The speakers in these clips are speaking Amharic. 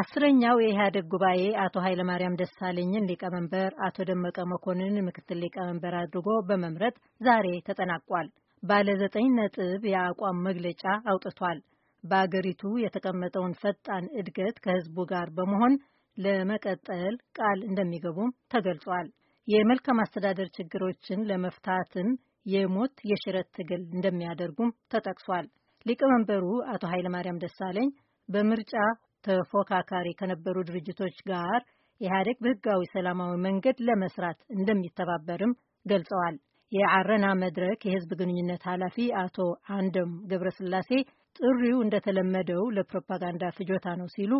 አስረኛው የኢህአዴግ ጉባኤ አቶ ኃይለማርያም ደሳለኝን ሊቀመንበር፣ አቶ ደመቀ መኮንንን ምክትል ሊቀመንበር አድርጎ በመምረጥ ዛሬ ተጠናቋል። ባለ ዘጠኝ ነጥብ የአቋም መግለጫ አውጥቷል። በአገሪቱ የተቀመጠውን ፈጣን እድገት ከህዝቡ ጋር በመሆን ለመቀጠል ቃል እንደሚገቡም ተገልጿል። የመልካም አስተዳደር ችግሮችን ለመፍታትም የሞት የሽረት ትግል እንደሚያደርጉም ተጠቅሷል። ሊቀመንበሩ አቶ ኃይለማርያም ደሳለኝ በምርጫ ተፎካካሪ ከነበሩ ድርጅቶች ጋር ኢህአዴግ በህጋዊ ሰላማዊ መንገድ ለመስራት እንደሚተባበርም ገልጸዋል። የአረና መድረክ የህዝብ ግንኙነት ኃላፊ አቶ አንደም ገብረስላሴ ጥሪው እንደተለመደው ለፕሮፓጋንዳ ፍጆታ ነው ሲሉ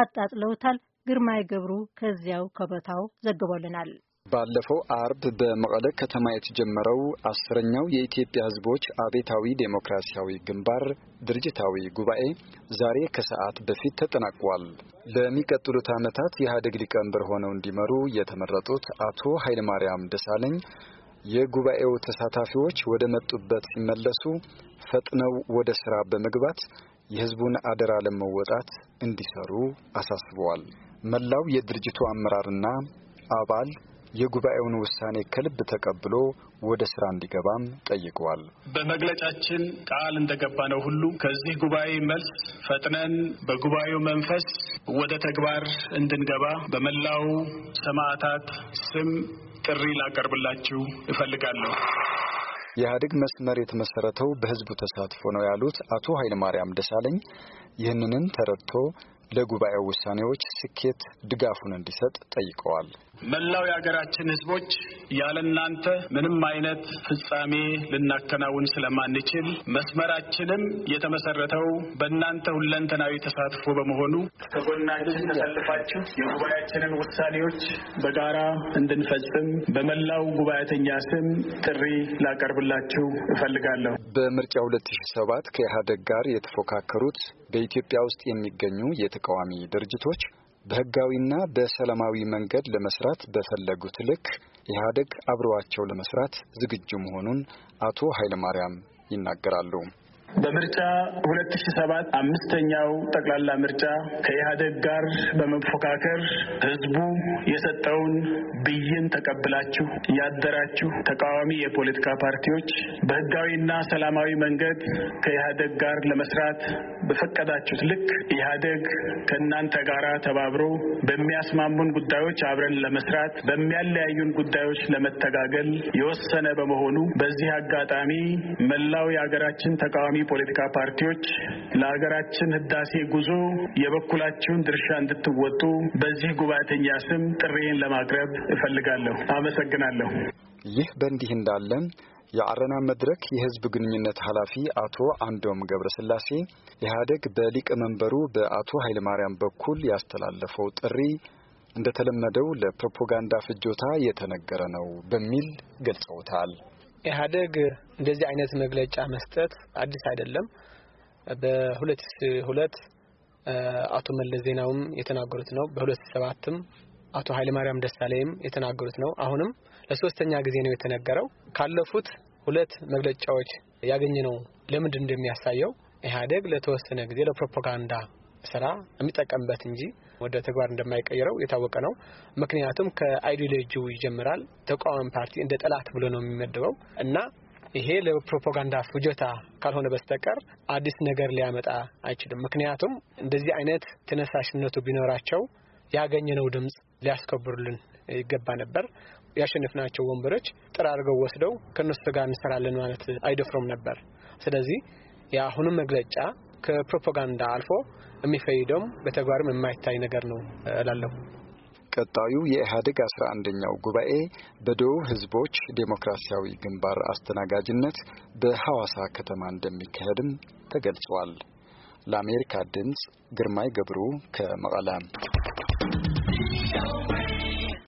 አጣጥለውታል። ግርማይ ገብሩ ከዚያው ከቦታው ዘግቦልናል። ባለፈው አርብ በመቀለ ከተማ የተጀመረው አስረኛው የኢትዮጵያ ሕዝቦች አቤታዊ ዴሞክራሲያዊ ግንባር ድርጅታዊ ጉባኤ ዛሬ ከሰዓት በፊት ተጠናቋል። ለሚቀጥሉት ዓመታት የኢህአዴግ ሊቀመንበር ሆነው እንዲመሩ የተመረጡት አቶ ኃይለማርያም ደሳለኝ የጉባኤው ተሳታፊዎች ወደ መጡበት ሲመለሱ ፈጥነው ወደ ስራ በመግባት የህዝቡን አደራ ለመወጣት እንዲሰሩ አሳስበዋል። መላው የድርጅቱ አመራርና አባል የጉባኤውን ውሳኔ ከልብ ተቀብሎ ወደ ስራ እንዲገባም ጠይቀዋል። በመግለጫችን ቃል እንደገባ ነው ሁሉ ከዚህ ጉባኤ መልስ ፈጥነን በጉባኤው መንፈስ ወደ ተግባር እንድንገባ በመላው ሰማዕታት ስም ጥሪ ላቀርብላችሁ እፈልጋለሁ። የኢህአዴግ መስመር የተመሰረተው በህዝቡ ተሳትፎ ነው ያሉት አቶ ኃይለማርያም ደሳለኝ ይህንንም ተረድቶ ለጉባኤው ውሳኔዎች ስኬት ድጋፉን እንዲሰጥ ጠይቀዋል። መላው የሀገራችን ህዝቦች ያለ እናንተ ምንም አይነት ፍጻሜ ልናከናውን ስለማንችል መስመራችንም የተመሰረተው በእናንተ ሁለንተናዊ ተሳትፎ በመሆኑ ከጎናችን ተሰልፋችሁ የጉባኤያችንን ውሳኔዎች በጋራ እንድንፈጽም በመላው ጉባኤተኛ ስም ጥሪ ላቀርብላችሁ እፈልጋለሁ። በምርጫ ሰባት ከኢህአደግ ጋር የተፎካከሩት በኢትዮጵያ ውስጥ የሚገኙ የተቃዋሚ ድርጅቶች በህጋዊና በሰላማዊ መንገድ ለመስራት በፈለጉት ልክ ኢህአደግ አብረዋቸው ለመስራት ዝግጁ መሆኑን አቶ ኃይለማርያም ይናገራሉ። በምርጫ ሁለት ሺ ሰባት አምስተኛው ጠቅላላ ምርጫ ከኢህአደግ ጋር በመፎካከር ህዝቡ የሰጠውን ብይን ተቀብላችሁ ያደራችሁ ተቃዋሚ የፖለቲካ ፓርቲዎች በህጋዊና ሰላማዊ መንገድ ከኢህአደግ ጋር ለመስራት በፈቀዳችሁት ልክ ኢህአደግ ከእናንተ ጋር ተባብሮ በሚያስማሙን ጉዳዮች አብረን ለመስራት፣ በሚያለያዩን ጉዳዮች ለመተጋገል የወሰነ በመሆኑ በዚህ አጋጣሚ መላው የሀገራችን ተቃዋሚ ፖለቲካ ፓርቲዎች ለሀገራችን ህዳሴ ጉዞ የበኩላችሁን ድርሻ እንድትወጡ በዚህ ጉባኤተኛ ስም ጥሬን ለማቅረብ እፈልጋለሁ። አመሰግናለሁ። ይህ በእንዲህ እንዳለ የአረና መድረክ የህዝብ ግንኙነት ኃላፊ አቶ አንዶም ገብረስላሴ ኢህአዴግ በሊቀመንበሩ በአቶ ኃይለማርያም በኩል ያስተላለፈው ጥሪ እንደተለመደው ለፕሮፓጋንዳ ፍጆታ የተነገረ ነው በሚል ገልጸውታል። ኢህአዴግ እንደዚህ አይነት መግለጫ መስጠት አዲስ አይደለም። በ በ2002 አቶ መለስ ዜናውም የተናገሩት ነው። በ 2007 አቶ አቶ ማርያም ደሳለኝም የተናገሩት ነው። አሁንም ለሶስተኛ ጊዜ ነው የተነገረው። ካለፉት ሁለት መግለጫዎች ያገኘ ነው ለምንድን እንደሚያሳየው ኢህአዴግ ለተወሰነ ጊዜ ለፕሮፓጋንዳ ስራ የሚጠቀምበት እንጂ ወደ ተግባር እንደማይቀይረው የታወቀ ነው። ምክንያቱም ከአይዲዮሎጂው ይጀምራል። ተቃዋሚ ፓርቲ እንደ ጠላት ብሎ ነው የሚመደበው እና ይሄ ለፕሮፓጋንዳ ፍጆታ ካልሆነ በስተቀር አዲስ ነገር ሊያመጣ አይችልም። ምክንያቱም እንደዚህ አይነት ተነሳሽነቱ ቢኖራቸው ያገኘነው ድምፅ ሊያስከብሩልን ይገባ ነበር። ያሸንፍናቸው ወንበሮች ጥር አድርገው ወስደው ከነሱ ጋር እንሰራለን ማለት አይደፍሮም ነበር። ስለዚህ የአሁኑ መግለጫ ከፕሮፓጋንዳ አልፎ የሚፈይደውም በተግባርም የማይታይ ነገር ነው እላለሁ። ቀጣዩ የኢህአዴግ አስራ አንደኛው ጉባኤ በደቡብ ህዝቦች ዴሞክራሲያዊ ግንባር አስተናጋጅነት በሐዋሳ ከተማ እንደሚካሄድም ተገልጿል። ለአሜሪካ ድምፅ ግርማይ ገብሩ ከመቀለ